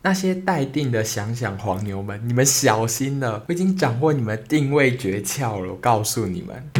那些訂位的饗饗黃牛們，你們小心了！我已經掌握你們訂位訣竅了，我告訴你們。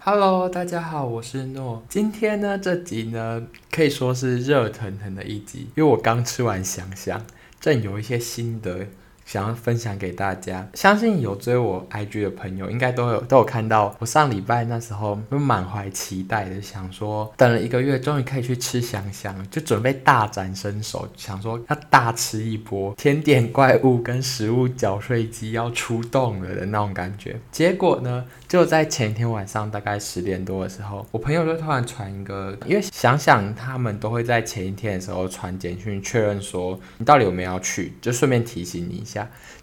Hello，大家好，我是諾。今天呢，這集呢可以說是熱騰騰的一集，因為我剛吃完饗饗，正有一些心得。想要分享給大家，相信有追我 IG 的朋友，應該都有都有看到。我上禮拜那時候就滿懷期待的想說，等了一個月，終於可以去吃饗饗，就準備大展身手，想說要大吃一波甜點怪物跟食物攪碎機要出動了的那種感覺。結果呢，就在前一天晚上大概十點多的時候，我朋友就突然傳一個，因為饗饗他們都會在前一天的時候傳簡訊確認說你到底有沒有要去，就順便提醒你一下。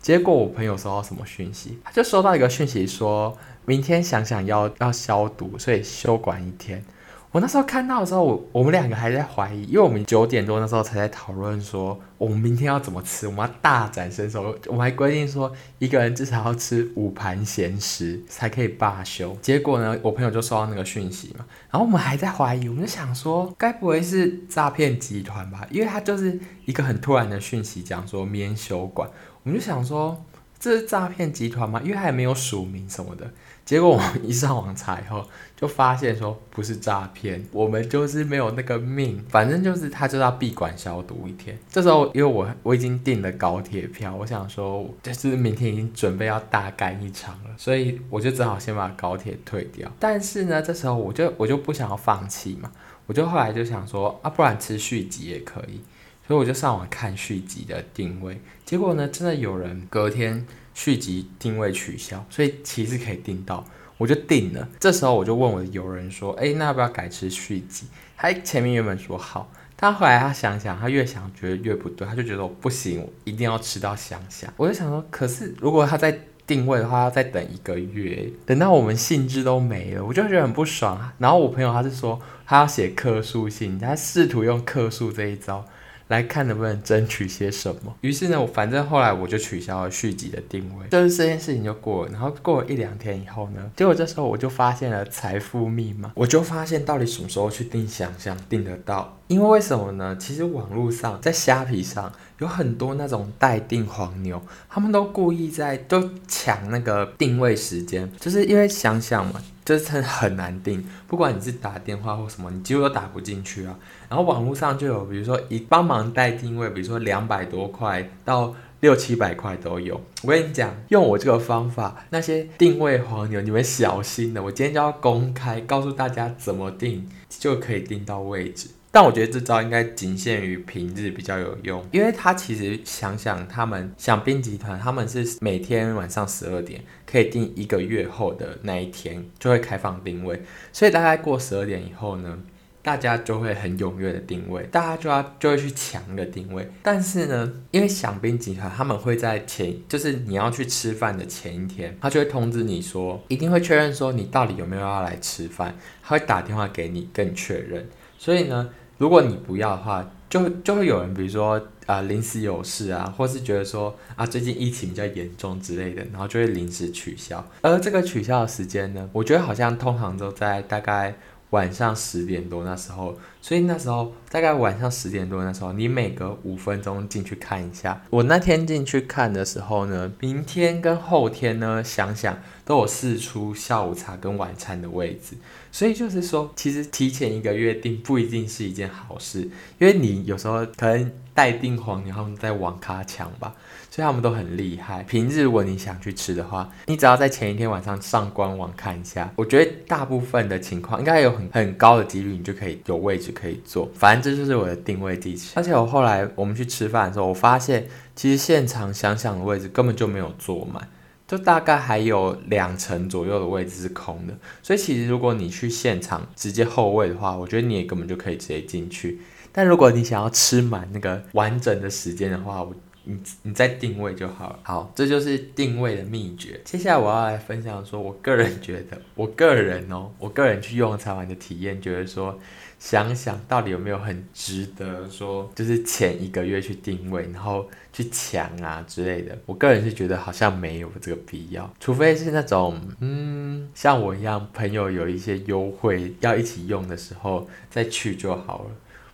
結果我朋友收到什麼訊息？他就收到一個訊息說，說明天饗饗要要消毒，所以休館一天。我那時候看到的時候，我我們兩個還在懷疑，因為我們九點多那時候才在討論說，我們明天要怎麼吃，我們要大展身手，我們還規定說一個人至少要吃五盤鹹食才可以罷休。結果呢，我朋友就收到那個訊息嘛，然後我們還在懷疑，我們就想說，該不會是詐騙集團吧？因為它就是一個很突然的訊息，講說免修館，我們就想說。這是詐騙集團嗎？因為還沒有署名什麼的，結果我們一上網查以後，就發現說不是詐騙，我們就是沒有那個命。反正就是他就要閉館消毒一天。這時候，因為我我已經訂了高鐵票，我想說就是明天已經準備要大幹一場了，所以我就只好先把高鐵退掉。但是呢，這時候我就我就不想要放棄嘛，我就後來就想說啊，不然吃旭集也可以。所以我就上網看饗饗的訂位，結果呢，真的有人隔天饗饗訂位取消，所以其實可以訂到，我就訂了。這時候我就問我的友人說：“哎、欸，那要不要改吃饗饗？”他前面原本說好，但後來他想想，他越想覺得越不對，他就覺得我不行，我一定要吃到饗饗。我就想說，可是如果他再訂位的話，要再等一個月，等到我們興致都沒了，我就覺得很不爽。然後我朋友他是說，他要寫客訴信，他試圖用客訴這一招。來看能不能爭取些什麼。於是呢，我反正後來我就取消了續集的訂位，就是這件事情就過了。然後過了一兩天以後呢，結果這時候我就發現了財富密碼，我就發現到底什麼時候去訂饗饗訂得到。因為為什麼呢？其實網絡上在蝦皮上有很多那種代訂黃牛，他們都故意在都搶那個訂位時間，就是因為饗饗嘛。這真的很難訂，不管你是打電話或什麼，你幾乎都打不進去啊。然後網絡路上就有，比如說以幫忙代訂位，比如說，兩百多塊到六七百塊都有。我跟你講，用我這個方法，那些訂位黃牛，你們小心囉。我今天就要公開告訴大家怎麼訂，就可以訂到位置。但我覺得這招應該僅限於平日比較有用，因為他其實饗饗，他們饗賓集團他們是每天晚上十二點可以訂一個月後的那一天就會開放訂位，所以大概過十二點以後呢，大家就會很踴躍的訂位，大家就要就會去搶一個訂位。但是呢，因為饗賓集團他們會在前，就是你要去吃飯的前一天，他就會通知你說，一定會確認說你到底有沒有要來吃飯，他會打電話給你跟你確認，所以呢。如果你不要的話，就就會有人，比如說啊，呃、臨時有事啊，或是覺得說啊，最近疫情比較嚴重之類的，然後就會臨時取消。而這個取消的時間呢，我覺得好像通常都在大概。晚上十點多那時候，所以那時候大概晚上十點多那時候，你每隔五分鐘進去看一下。我那天進去看的時候呢，明天跟後天呢，饗饗都有釋出下午茶跟晚餐的位置。所以就是說，其實提前一個月訂不一定是一件好事，因為你有時候可能。在訂黃，然後在網咖搶吧，所以他們都很厲害。平日如果你想去吃的話，你只要在前一天晚上上官網看一下，我覺得大部分的情況應該有很很高的幾率，你就可以有位置可以坐。反正這就是我的訂位技巧。而且我後來我們去吃飯的時候，我發現其實現場饗饗的位置根本就沒有坐滿，就大概還有兩成左右的位置是空的。所以其實如果你去現場直接候位的話，我覺得你也根本就可以直接進去。但如果你想要吃滿那個完整的時間的話，我你你再訂位就好了。好，這就是訂位的祕訣。接下來我要來分享說，我個人覺得，我個人哦、喔，我個人去用餐完的體驗，覺得說，饗饗到底有沒有很值得說，就是前一個月去訂位，然後去搶啊之類的。我個人是覺得好像沒有這個必要，除非是那種嗯，像我一樣朋友有一些優惠要一起用的時候再去就好了。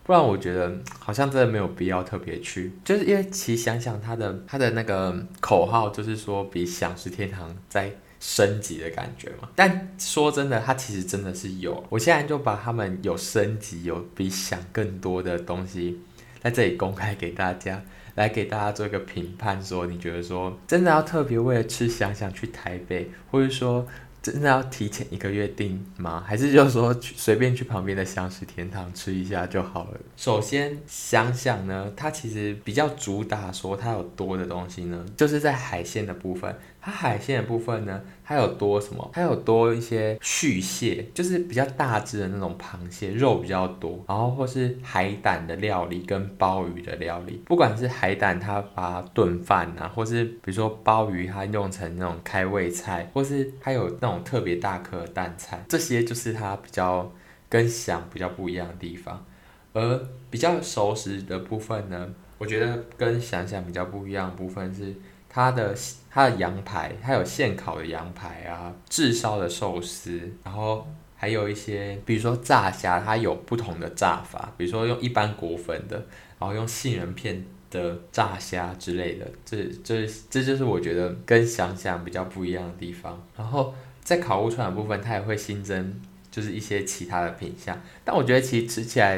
不然我覺得好像真的沒有必要特別去，就是因為其饗饗它的它的那個口號就是說比饗食天堂再升級的感覺嘛。但說真的，它其實真的是有。我現在就把他們有升級有比想更多的東西在這裡公開給大家，來給大家做一個評判，說你覺得說真的要特別為了吃饗饗去台北，或者說。真的要提前一個月訂嗎？還是就是說隨便去旁邊的饗食天堂吃一下就好了？首先饗饗呢，它其實比較主打說它有多的東西呢，就是在海鮮的部分。它海鮮的部分呢，它有多什麼？它有多一些旭蟹，就是比較大隻的那種螃蟹，肉比較多。然後或是海膽的料理跟鮑魚的料理，不管是海膽它把它燉飯啊，或是比如說鮑魚它用成那種開胃菜，或是它有那種。特別大顆的蛋菜，這些就是它比較跟饗比較不一樣的地方。而比較熟食的部分呢，我覺得跟饗饗比較不一樣的部分是它的它的羊排，它有現烤的羊排啊、炙燒的壽司，然後還有一些，比如說炸蝦，它有不同的炸法，比如說用一般裹粉的，然後用杏仁片的炸蝦之類的。這這這就是我覺得跟饗饗比較不一樣的地方。然後。在烤物串的部分，它也會新增，就是一些其他的品項。但我覺得其實吃起來，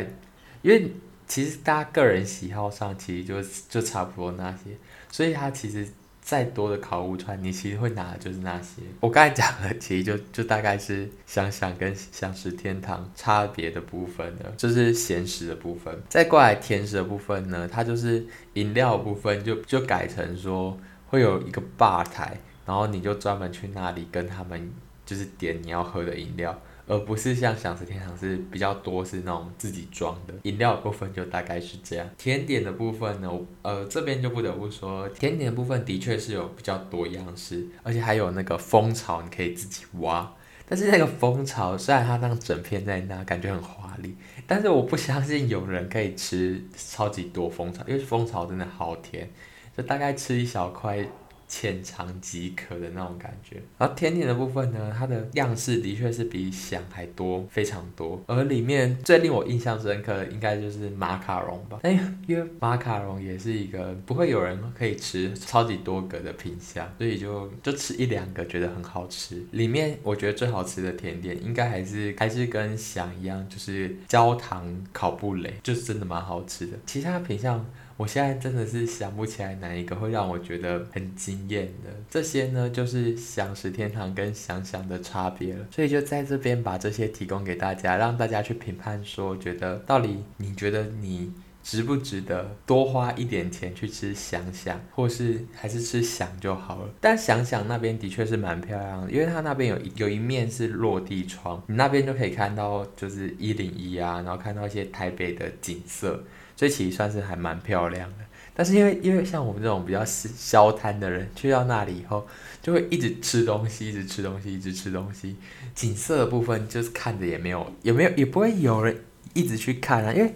因為其實大家個人喜好上，其實就就差不多那些。所以它其實再多的烤物串，你其實會拿的就是那些。我剛才講的其實就就大概是饗饗跟饗食天堂差別的部分呢，就是鹹食的部分。再過來甜食的部分呢，它就是飲料的部分就就改成說會有一個吧台。然後你就專門去那裡跟他們，就是點你要喝的飲料，而不是像饗食天堂是比較多是那種自己裝的飲料的部分，就大概是這樣。甜點的部分呢，呃，這邊就不得不說，甜點的部分的確是有比較多樣式，而且還有那個蜂巢你可以自己挖。但是那個蜂巢雖然它那整片在那感覺很華麗，但是我不相信有人可以吃超級多蜂巢，因為蜂巢真的好甜，就大概吃一小塊。淺嘗即可的那種感覺，然後甜點的部分呢，它的樣式的確是比饗還多非常多，而裡面最令我印象深刻的應該就是馬卡龍吧。哎呀。因為馬卡龍也是一個不會有人可以吃超級多個的品項，所以就就吃一兩個覺得很好吃。裡面我覺得最好吃的甜點應該還是還是跟饗一樣，就是焦糖烤布蕾，就是真的蠻好吃的。其他品項。我現在真的是想不起來哪一個會讓我覺得很驚艷的，這些呢就是饗食天堂跟饗饗的差別了，所以就在這邊把這些提供給大家，讓大家去評判，說覺得到底你覺得你值不值得多花一點錢去吃饗饗，或是還是吃饗就好了。但饗饗那邊的確是蠻漂亮的，因為它那邊有一有一面是落地窗，你那邊就可以看到就是一零一啊，然後看到一些台北的景色。所以其實算是還蠻漂亮的，但是因為因為像我們這種比較消癱的人，去到那裡以後，就會一直吃東西，一直吃東西，一直吃東西。景色的部分就是看着也沒有，也沒有也不會有人一直去看啊，因為。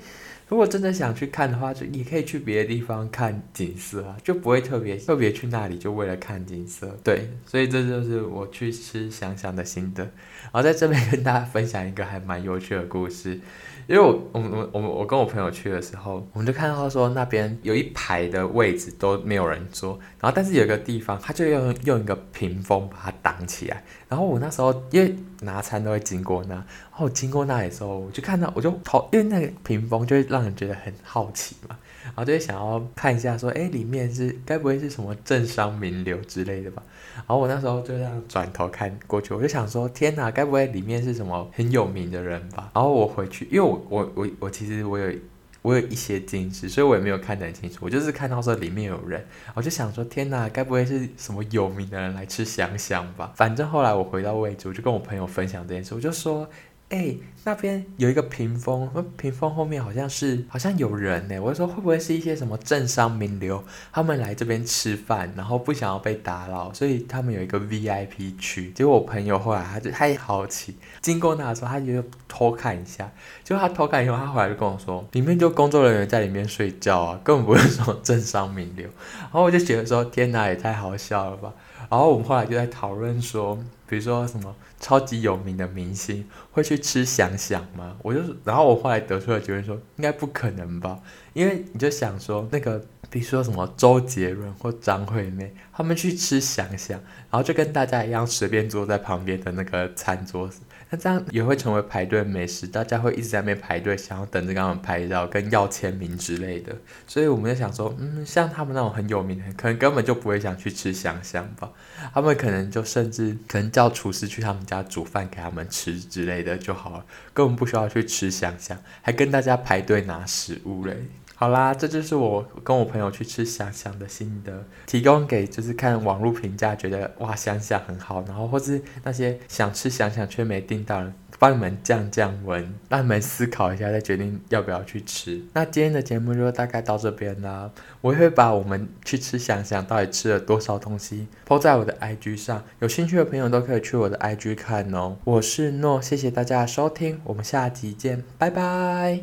如果真的想去看的話，就你可以去別的地方看景色啊，就不會特別特別去那裡就為了看景色。對，所以這就是我去吃饗饗的心得。然後在這邊跟大家分享一個還蠻有趣的故事，因為我、我、我、我、跟我朋友去的時候，我們就看到說那邊有一排的位置都沒有人坐，然後但是有個地方，他就用用一個屏風把它擋起來。然後我那時候因為拿餐都會經過那，然後經過那裡的時候，我就看到我就偷，因為那個屏風就會讓。覺得很好奇嘛，然後就想要看一下，說，誒、欸、裡面是該不會是什麼政商名流之類的吧？然後我那時候就這樣轉頭看過去，我就想說，天哪，該不會裡面是什麼很有名的人吧？然後我回去，因為我我我我其實我有我有一些近視，所以我也沒有看得很清楚，我就是看到說裡面有人，我就想說，天哪，該不會是什麼有名的人來吃饗饗吧？反正後來我回到位置，我就跟我朋友分享這件事，我就說。誒、欸，那邊有一個屏風，屏風後面好像是好像有人呢、欸。我就說會不會是一些什麼政商名流，他們來這邊吃飯，然後不想要被打擾，所以他們有一個 VIP 區。結果我朋友後來他就他也好奇，經過那的時候他就偷看一下，就他偷看以後，他回來就跟我說，裡面就工作人員在裡面睡覺啊，根本不是什麼政商名流。然後我就覺得說，天哪，也太好笑了吧。然後我們後來就在討論說，比如說什麼超級有名的明星會去吃饗饗嗎？我就然後我後來得出了結論說，應該不可能吧，因為你就想說那個比如說什麼周杰倫或張惠妹，他們去吃饗饗，然後就跟大家一樣隨便坐在旁邊的那個餐桌子。那這樣也會成為排隊美食，大家會一直在那邊排隊，想要等着跟他們拍照、跟要簽名之類的。所以我們就想說，嗯，像他們那種很有名的，可能根本就不會想去吃饗饗吧。他們可能就甚至可能叫廚師去他們家煮飯給他們吃之類的就好了，根本不需要去吃饗饗，還跟大家排隊拿食物嘞。好啦，這就是我跟我朋友去吃饗饗的心得，提供給就是看網絡評價覺得哇，饗饗很好，然後或是那些想吃饗饗卻沒訂到的，幫你們降降溫，讓你們思考一下再決定要不要去吃。那今天的節目就大概到這邊啦，我會把我們去吃饗饗到底吃了多少東西 PO 在我的 IG 上，有興趣的朋友都可以去我的 IG 看哦。我是諾，no，謝謝大家的收聽，我們下集見，拜拜。